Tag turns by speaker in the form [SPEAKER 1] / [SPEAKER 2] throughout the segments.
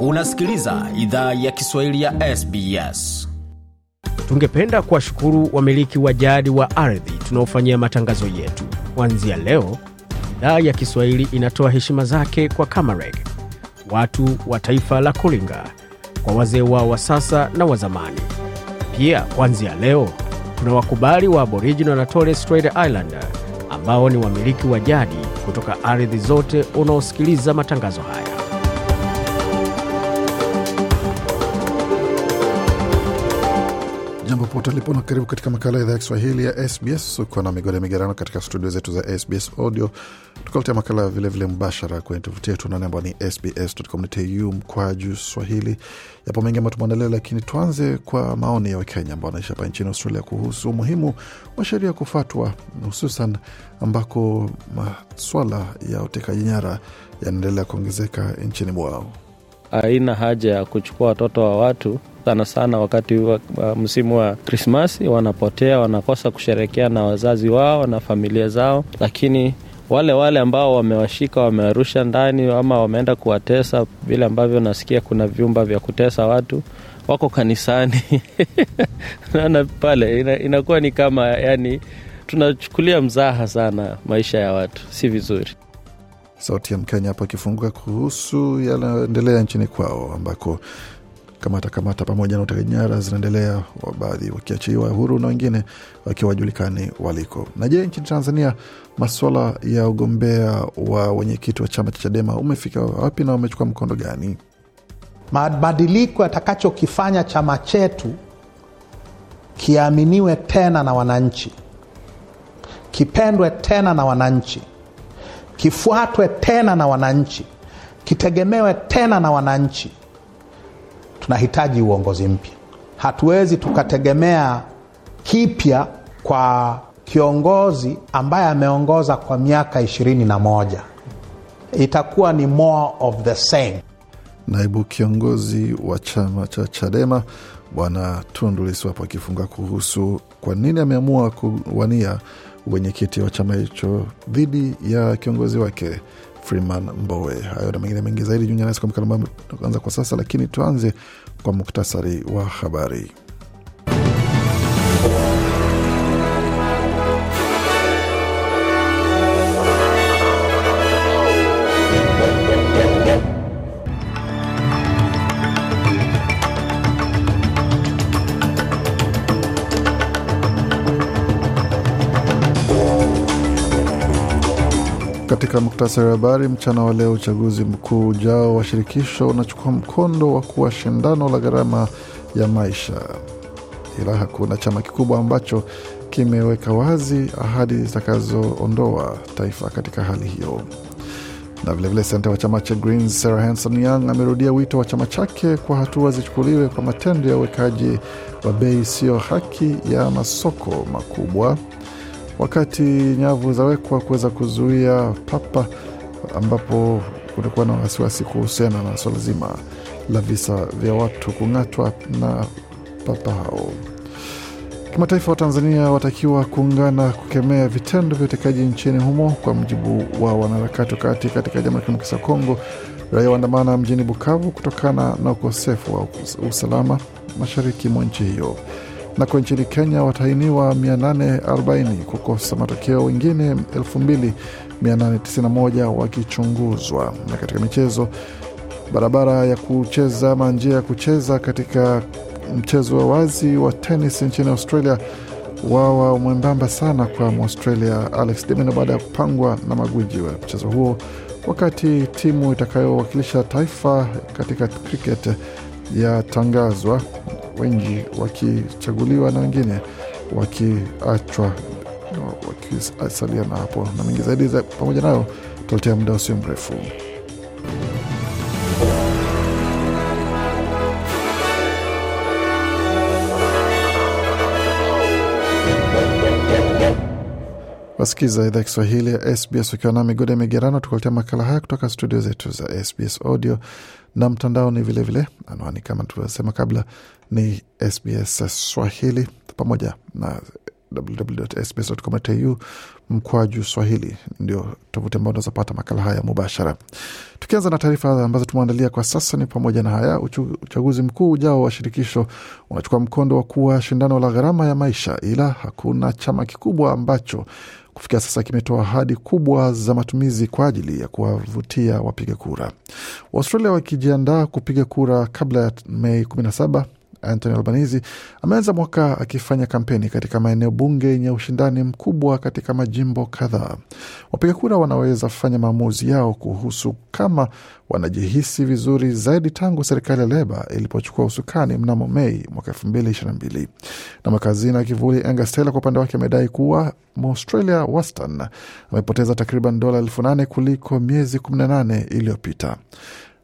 [SPEAKER 1] Unasikiliza idhaa ya Kiswahili ya SBS. Tungependa kuwashukuru wamiliki wa jadi wa ardhi tunaofanyia matangazo yetu. Kuanzia leo, idhaa ya Kiswahili inatoa heshima zake kwa Kamareg, watu wa taifa la Kulinga, kwa wazee wao wa sasa na wa zamani. Pia kuanzia leo tuna wakubali wa Aboriginal na tore Strait island ambao ni wamiliki wa jadi kutoka ardhi zote unaosikiliza matangazo haya. Jambo pote lipo na karibu katika makala ya idhaa ya Kiswahili ya SBS. Uko na migode migerano katika studio zetu za SBS Audio, tukaletea makala vilevile vile mbashara kwenye tovuti yetu nane ambao ni sbs.com.au juu swahili. Yapo mengi ambayo tumeandalia, lakini tuanze kwa maoni ya Wakenya ambao wanaishi hapa nchini Australia kuhusu umuhimu wa sheria kufuatwa, hususan ambako maswala ya utekaji nyara yanaendelea kuongezeka nchini mwao. Haina haja ya kuchukua watoto wa watu sana sana wakati wa, wa msimu wa Krismasi wanapotea, wanakosa kusherekea na wazazi wao na familia zao, lakini wale wale ambao wamewashika wamewarusha ndani ama wameenda kuwatesa, vile ambavyo nasikia kuna vyumba vya kutesa watu wako kanisani naona pale ina, inakuwa ni kama yani, tunachukulia mzaha sana maisha ya watu, si vizuri. Sauti ya Mkenya hapo akifunguka kuhusu yanayoendelea nchini kwao ambako kamata kamata pamoja na utekaji nyara zinaendelea, baadhi wakiachiwa huru na wengine wakiwa wajulikani waliko. Na je, nchini Tanzania masuala ya ugombea wa wenyekiti wa chama cha Chadema umefika wapi na umechukua mkondo gani? Mabadiliko yatakachokifanya chama chetu kiaminiwe tena na wananchi, kipendwe tena na wananchi, kifuatwe tena na wananchi, kitegemewe tena na wananchi tunahitaji uongozi mpya. Hatuwezi tukategemea kipya kwa kiongozi ambaye ameongoza kwa miaka ishirini na moja. Itakuwa ni more of the same. Naibu kiongozi wa chama cha Chadema Bwana Tundu Lissu hapo akifunga kuhusu kwa nini ameamua kuwania wenyekiti wa chama hicho dhidi ya kiongozi wake Freeman Mbowe. Hayo na mengine mengi zaidi, jiunge nasi kwa makala ambayo tunaanza kwa sasa, lakini tuanze kwa muktasari wa habari. Katika muktasari wa habari mchana wa leo, uchaguzi mkuu ujao wa shirikisho unachukua mkondo wa kuwa shindano la gharama ya maisha, ila hakuna chama kikubwa ambacho kimeweka wazi ahadi zitakazoondoa taifa katika hali hiyo. Na vilevile senta wa chama cha Greens Sarah Hanson Young amerudia wito wa chama chake kwa hatua zichukuliwe kwa matendo ya uwekaji wa bei isiyo haki ya masoko makubwa wakati nyavu zawekwa kuweza kuzuia papa, ambapo kutakuwa na wasiwasi kuhusiana na swala zima la visa vya watu kung'atwa na papa hao. Kimataifa, wa Tanzania watakiwa kuungana kukemea vitendo vya utekaji nchini humo. Kwa mujibu wa wanaharakati wakati katika Jamhuri ya Kidemokrasia ya Kongo, raia waandamana mjini Bukavu kutokana na ukosefu wa usalama mashariki mwa nchi hiyo. Nako nchini Kenya watainiwa 840 kukosa matokeo, wengine 2891 wakichunguzwa. Na katika michezo, barabara ya kucheza ama njia ya kucheza katika mchezo wa wazi wa tenis nchini Australia wawa mwembamba sana kwa Mwaustralia Alex de Minaur baada ya kupangwa na magwiji wa mchezo huo, wakati timu itakayowakilisha taifa katika cricket yatangazwa wengi wakichaguliwa na wengine wakiachwa wakisalia na hapo na mengi zaidi za pamoja nayo tutaletea muda usio mrefu. Wasikiza idhaa Kiswahili ya SBS ukiwa na migode migerano, tukuletea makala haya kutoka studio zetu za SBS audio na mtandaoni vilevile. Anwani kama tulivyosema kabla ni SBS Swahili pamoja na www.sbs.com.au mkwaju Swahili, ndio tovuti ambao unaweza pata makala haya mubashara. Tukianza na taarifa ambazo tumeandalia kwa sasa ni pamoja na haya: uchaguzi mkuu ujao wa shirikisho unachukua mkondo wa kuwa shindano la gharama ya maisha, ila hakuna chama kikubwa ambacho kufikia sasa kimetoa ahadi kubwa za matumizi kwa ajili ya kuwavutia wapiga kura. Waustralia wakijiandaa kupiga kura kabla ya Mei 17 Anthony Albanese ameanza mwaka akifanya kampeni katika maeneo bunge yenye ushindani mkubwa katika majimbo kadhaa. Wapiga kura wanaweza fanya maamuzi yao kuhusu kama wanajihisi vizuri zaidi tangu serikali ya Leba ilipochukua usukani mnamo Mei mwaka 2022. Na makazina ya kivuli Angus Taylor kwa upande wake amedai kuwa Mwaustralia waston amepoteza takriban dola elfu nane kuliko miezi 18 iliyopita.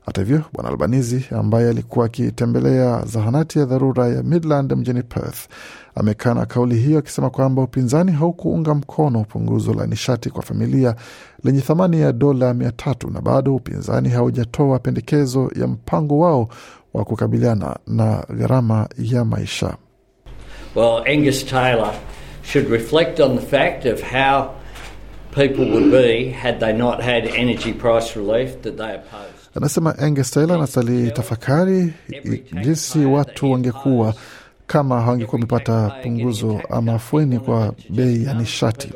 [SPEAKER 1] Hata hivyo, Bwana Albanizi ambaye alikuwa akitembelea zahanati ya dharura ya Midland mjini Perth amekana kauli hiyo akisema kwamba upinzani haukuunga mkono punguzo la nishati kwa familia lenye thamani ya dola mia tatu na bado upinzani haujatoa pendekezo ya mpango wao wa kukabiliana na gharama ya maisha. Well, Angus Taylor should reflect on the fact of how people would be had they not had energy price relief that they opposed. Anasema Angus Taylor tafakari jinsi watu wangekuwa kama hawangekuwa wamepata punguzo ama afueni kwa bei ya nishati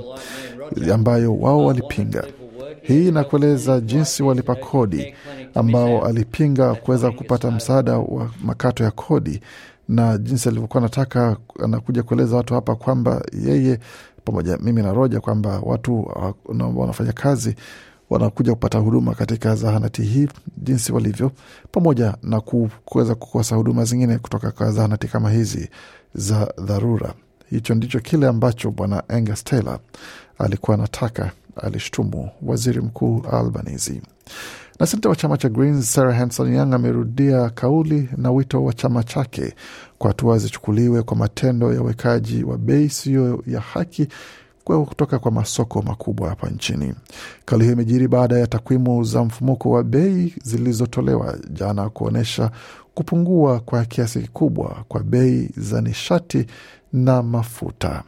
[SPEAKER 1] ambayo wao walipinga. Hii inakueleza jinsi walipa kodi ambao alipinga kuweza kupata msaada wa makato ya kodi na jinsi alivyokuwa anataka, anakuja kueleza watu hapa kwamba yeye pamoja mimi na Roja kwamba watu uh, wanafanya kazi wanakuja kupata huduma katika zahanati hii jinsi walivyo, pamoja na kuweza kukosa huduma zingine kutoka kwa zahanati kama hizi za dharura. Hicho ndicho kile ambacho Bwana Angus Taylor alikuwa anataka alishtumu waziri mkuu Albanese. Na senta wa chama cha Greens Sarah Hanson Young amerudia kauli na wito wa chama chake kwa hatua zichukuliwe kwa matendo ya uwekaji wa bei siyo ya haki kutoka kwa masoko makubwa hapa nchini. Kauli hiyo imejiri baada ya takwimu za mfumuko wa bei zilizotolewa jana kuonyesha kupungua kwa kiasi kikubwa kwa bei za nishati na mafuta.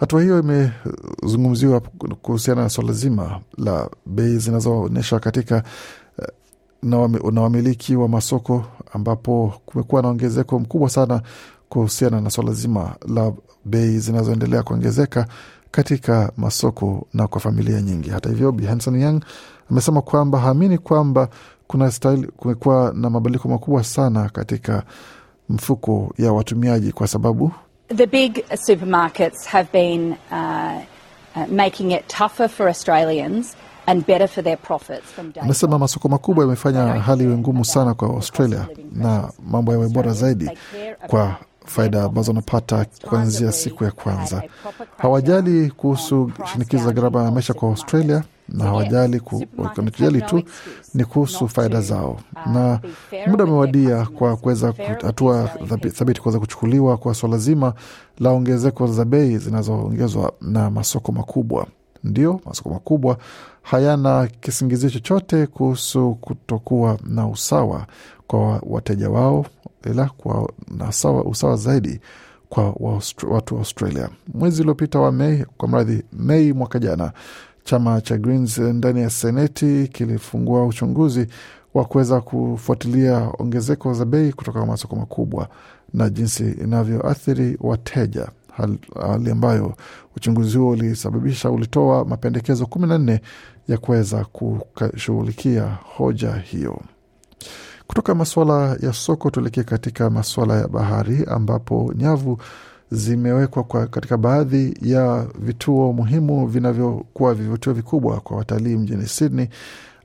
[SPEAKER 1] Hatua hiyo imezungumziwa kuhusiana na swala zima la bei zinazoonyeshwa katika eh, na wamiliki wa masoko, ambapo kumekuwa na ongezeko mkubwa sana kuhusiana na swala zima la bei zinazoendelea kuongezeka katika masoko na kwa familia nyingi. Hata hivyo, Bi Hanson Young amesema kwamba haamini kwamba kuna stahili kumekuwa na mabadiliko makubwa sana katika mfuko ya watumiaji kwa sababu the big supermarkets have been uh, uh, making it tougher for Australians and better for their profits from day. Amesema masoko makubwa yamefanya hali iwe ngumu sana kwa Australia na mambo yawe bora zaidi kwa faida ambazo wanapata kuanzia siku ya kwanza. Hawajali kuhusu shinikizo za gharama ya maisha kwa Australia na hawajali wanachojali tu ni kuhusu faida zao, uh, na muda amewadia kwa kuweza hatua thabiti kuweza kuchukuliwa kwa swala zima la ongezeko za bei zinazoongezwa na masoko makubwa. Ndio, masoko makubwa hayana kisingizio chochote kuhusu kutokuwa na usawa kwa wateja wao, ila kwa na sawa, usawa zaidi kwa watu wa Australia. Mwezi uliopita wa Mei, kwa mradhi Mei mwaka jana Chama cha Greens ndani ya Seneti kilifungua uchunguzi wa kuweza kufuatilia ongezeko za bei kutoka masoko makubwa na jinsi inavyoathiri wateja, hali ambayo uchunguzi huo ulisababisha ulitoa mapendekezo kumi na nne ya kuweza kushughulikia hoja hiyo. Kutoka masuala ya soko tuelekee katika masuala ya bahari ambapo nyavu zimewekwa kwa katika baadhi ya vituo muhimu vinavyokuwa vivutio vikubwa kwa watalii mjini Sydney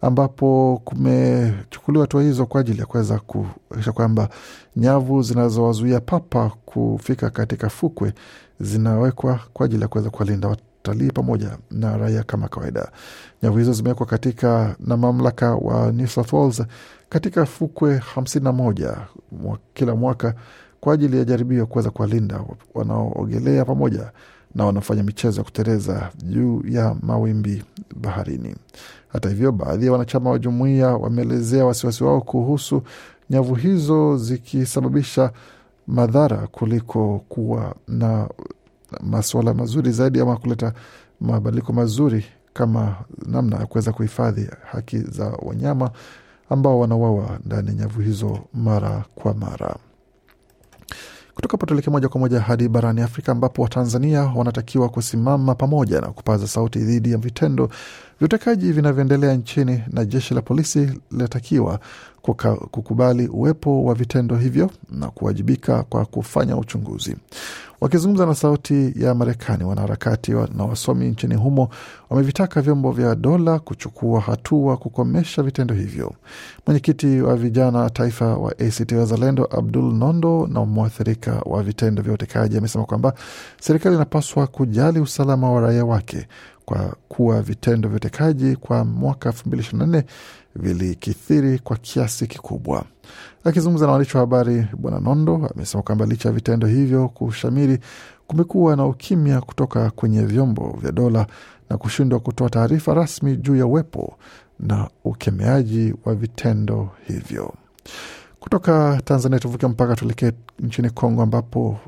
[SPEAKER 1] ambapo kumechukuliwa hatua hizo kwa ajili ya kuweza kuhakikisha kwamba nyavu zinazowazuia papa kufika katika fukwe zinawekwa kwa ajili ya kuweza kuwalinda watalii pamoja na raia kama kawaida. Nyavu hizo zimewekwa katika na mamlaka wa New South Wales katika fukwe moja kila mwaka kwa ajili ya jaribio ya kuweza kuwalinda wanaoogelea pamoja na wanaofanya michezo ya kutereza juu ya mawimbi baharini. Hata hivyo, baadhi ya wanachama wa jumuiya wameelezea wasiwasi wao kuhusu nyavu hizo zikisababisha madhara kuliko kuwa na masuala mazuri zaidi ama kuleta mabadiliko mazuri kama namna ya kuweza kuhifadhi haki za wanyama ambao wanawawa ndani ya nyavu hizo mara kwa mara. Kutoka hapo tuelekee moja kwa moja hadi barani Afrika ambapo Watanzania wanatakiwa kusimama pamoja na kupaza sauti dhidi ya vitendo vya utekaji vinavyoendelea nchini, na jeshi la polisi linatakiwa kukubali uwepo wa vitendo hivyo na kuwajibika kwa kufanya uchunguzi. Wakizungumza na Sauti ya Marekani, wanaharakati na wasomi nchini humo wamevitaka vyombo vya dola kuchukua hatua kukomesha vitendo hivyo. Mwenyekiti wa vijana taifa wa ACT Wazalendo Abdul Nondo na mwathirika wa vitendo vya utekaji amesema kwamba serikali inapaswa kujali usalama wa raia wake kwa kuwa vitendo vya utekaji kwa mwaka 2024 vilikithiri kwa kiasi kikubwa. Akizungumza na waandishi wa habari, Bwana Nondo amesema kwamba licha ya vitendo hivyo kushamiri, kumekuwa na ukimya kutoka kwenye vyombo vya dola na kushindwa kutoa taarifa rasmi juu ya uwepo na ukemeaji wa vitendo hivyo. Kutoka Tanzania tuvuke mpaka tuelekee nchini Kongo ambapo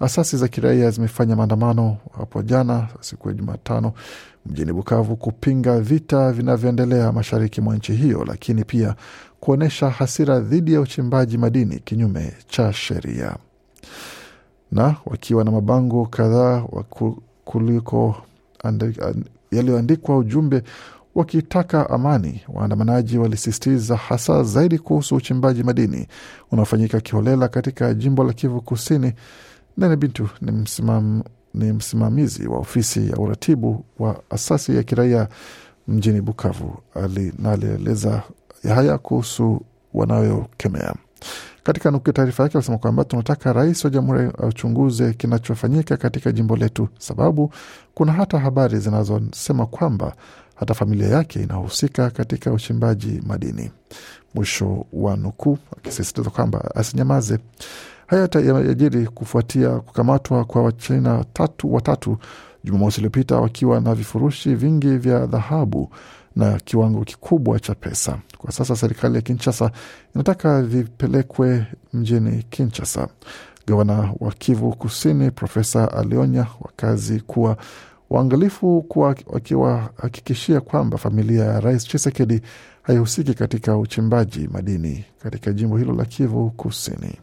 [SPEAKER 1] Asasi za kiraia zimefanya maandamano hapo jana siku ya Jumatano mjini Bukavu kupinga vita vinavyoendelea mashariki mwa nchi hiyo, lakini pia kuonyesha hasira dhidi ya uchimbaji madini kinyume cha sheria, na wakiwa na mabango kadhaa kuliko yaliyoandikwa ujumbe wakitaka amani. Waandamanaji walisisitiza hasa zaidi kuhusu uchimbaji madini unaofanyika kiholela katika jimbo la Kivu Kusini Nene Bintu ni, msimam, ni msimamizi wa ofisi ya uratibu wa asasi ya kiraia mjini Bukavu na alieleza haya kuhusu wanayokemea. Katika nukuu taarifa yake alisema kwamba tunataka rais wa jamhuri achunguze kinachofanyika katika jimbo letu, sababu kuna hata habari zinazosema kwamba hata familia yake inahusika katika uchimbaji madini. Mwisho wa nukuu, akisisitiza kwamba asinyamaze. Haya yajiri kufuatia kukamatwa kwa Wachina tatu watatu Jumamosi iliyopita wakiwa na vifurushi vingi vya dhahabu na kiwango kikubwa cha pesa. Kwa sasa serikali ya Kinshasa inataka vipelekwe mjini Kinshasa. Gavana wa Kivu Kusini Profesa alionya wakazi kuwa waangalifu, kuwa wakiwahakikishia kwamba familia ya Rais Chisekedi haihusiki katika uchimbaji madini katika jimbo hilo la Kivu Kusini.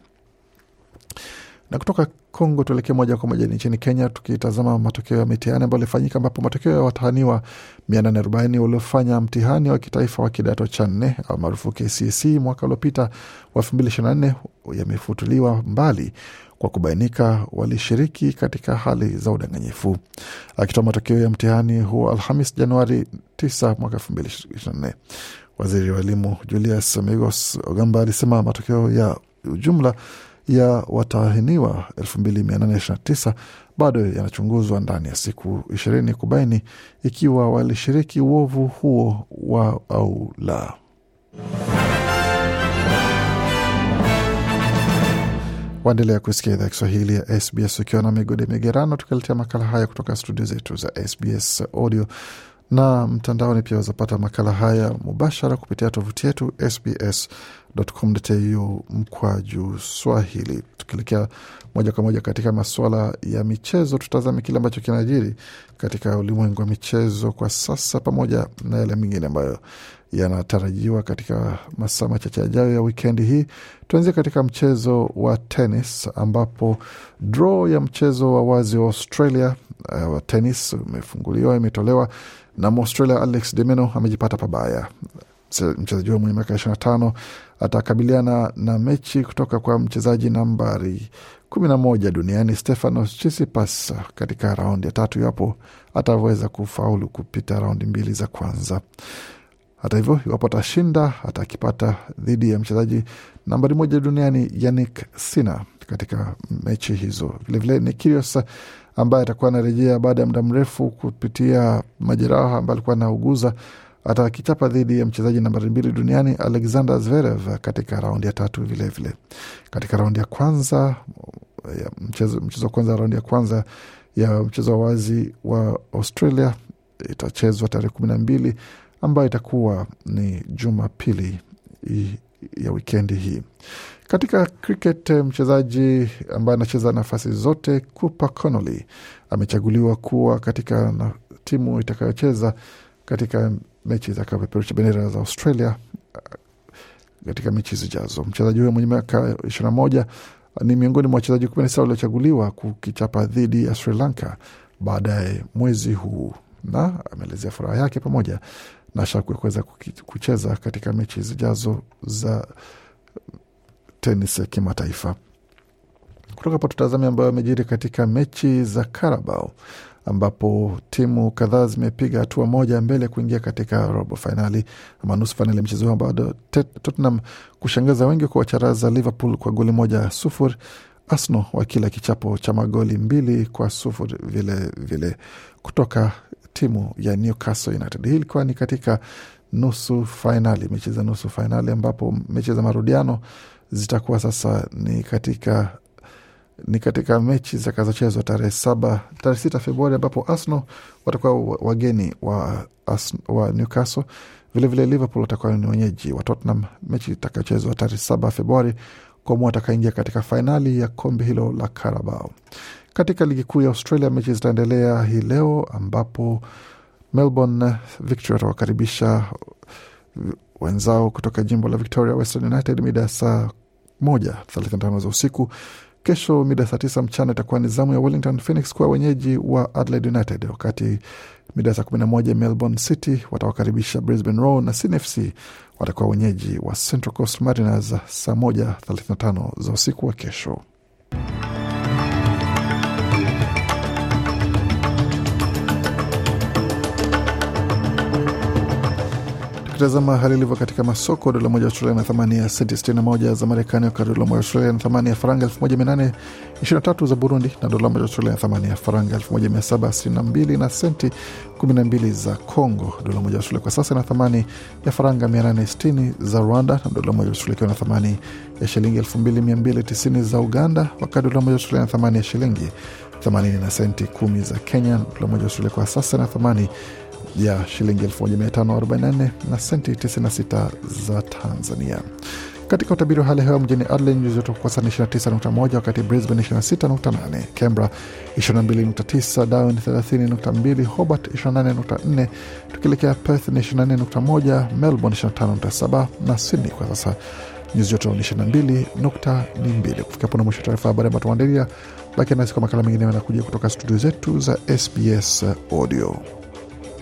[SPEAKER 1] Na kutoka Kongo tuelekee moja kwa moja nchini Kenya, tukitazama matokeo ya mitihani ambayo ilifanyika, ambapo matokeo ya watahiniwa 840 waliofanya mtihani wa kitaifa wa kidato cha nne almaarufu KCSE mwaka uliopita wa 2024 yamefutuliwa mbali kwa kubainika walishiriki katika hali za udanganyifu. Akitoa matokeo ya mtihani huo Alhamis Januari 9 mwaka 2024, waziri wa elimu Julius Migos Ogamba alisema matokeo ya ujumla ya watahiniwa 2829 bado yanachunguzwa ndani ya siku ishirini kubaini ikiwa walishiriki uovu huo wa au la. Waendelea kusikia idhaa Kiswahili ya SBS ukiwa na migode migerano, tukaletea makala haya kutoka studio zetu za SBS Audio na mtandaoni pia wazapata makala haya mubashara kupitia tovuti yetu sbs.com.au mkwaju Swahili. Tukielekea moja kwa moja katika masuala ya michezo, tutazame kile ambacho kinajiri katika ulimwengu wa michezo kwa sasa, pamoja na yale mengine ambayo yanatarajiwa katika masaa machache yajayo ya wikendi hii. Tuanzie katika mchezo wa tenis, ambapo draw ya mchezo wa wazi wa Australia eh, wa tenis imefunguliwa, imetolewa na Mwaustralia Alex Demeno amejipata pabaya. Mchezaji huyo mwenye miaka tano atakabiliana na mechi kutoka kwa mchezaji nambari kumi na moja duniani Stefanos Tsitsipas katika raundi ya tatu, iwapo ataweza kufaulu kupita raundi mbili za kwanza. Hata hivyo, iwapo atashinda atakipata dhidi ya mchezaji nambari moja duniani Yannick Sinner katika mechi hizo. Vilevile Nikios ambaye atakuwa anarejea baada ya muda mrefu kupitia majeraha ambayo alikuwa anauguza atakichapa dhidi ya mchezaji nambari mbili duniani Alexander Zverev katika raundi ya tatu. Vilevile vile. katika raundi ya kwanza ya mchezo, mchezo wa kwanza raundi ya kwanza ya mchezo wa wazi wa Australia itachezwa tarehe kumi na mbili ambayo itakuwa ni Jumapili ya wikendi hii. Katika cricket, eh, mchezaji ambaye anacheza nafasi zote Cooper Connolly amechaguliwa kuwa katika na timu itakayocheza katika mechi itakayopeperusha bendera za Australia eh, katika mechi zijazo. Mchezaji huyo mwenye miaka ishirini na moja eh, ni miongoni mwa wachezaji kumi na sita waliochaguliwa kukichapa dhidi ya Sri Lanka baadaye mwezi huu, na ameelezea furaha yake pamoja na shakwe kuweza kucheza katika mechi zijazo za tenis ya kimataifa. Kutoka hapo tutazame ambayo amejiri katika mechi za Carabao ambapo timu kadhaa zimepiga hatua moja mbele kuingia katika robo fainali ama nusu fainali. Mchezo huo bado Tottenham kushangaza wengi kwa wacharaza Liverpool kwa goli moja sufuri. Arsenal wakila kichapo cha magoli mbili kwa sufuri vile vile. Kutoka timu ya Newcastle United. Hii ilikuwa ni katika nusu fainali, mechi za nusu fainali, ambapo mechi za marudiano zitakuwa sasa ni katika ni katika mechi zitakazochezwa tarehe saba tarehe sita Februari ambapo Arsenal watakuwa wageni wa, wa Newcastle vilevile vile Liverpool watakuwa ni wenyeji wa Tottenham. Mechi itakayochezwa tarehe saba Februari kuamua atakaingia katika fainali ya kombe hilo la Carabao. Katika ligi kuu ya Australia, mechi zitaendelea hii leo ambapo Melbourne Victory watawakaribisha wenzao kutoka jimbo la Victoria, Western United mida ya saa moja thelathini na tano za usiku. Kesho mida saa tisa mchana itakuwa ni zamu ya Wellington Phoenix kuwa wenyeji wa Adelaide United, wakati Mida saa 11 Melbourne City watawakaribisha Brisbane Roar na CNFC watakuwa wenyeji wa Central Coast Mariners saa 1:35 za usiku wa kesho. Tukitazama hali ilivyo katika masoko, dola moja ya Australia na thamani ya senti 61 za Marekani, wakati dola moja ya Australia na thamani ya faranga 1823 za Burundi, na dola moja ya Australia na thamani ya faranga 1762 na senti 12 za Congo. Dola moja ya Australia kwa sasa na thamani ya faranga 860 za Rwanda, na dola moja ya Australia ikiwa na thamani ya shilingi 2290 za Uganda, wakati dola moja ya Australia na thamani ya shilingi 80 na senti 10 za Kenya. Dola moja ya Australia kwa sasa na thamani ya shilingi 1544 na senti 96 za Tanzania. Katika utabiri wa hali ya hewa mjini Adelaide nyuzi joto kwa sasa ni 29.1, wakati Brisbane 26.8, Canberra 22.9, Darwin 30.2, Hobart 28.4, tukielekea Perth ni 24.1, Melbourne 25.7 na Sydney kwa sasa nyuzi joto ni 22.2. Kufikia hapo na mwisho taarifa ya habari ambayo tumeandalia. Baki nasi kwa makala mengine yanakuja kutoka studio zetu za SBS Audio.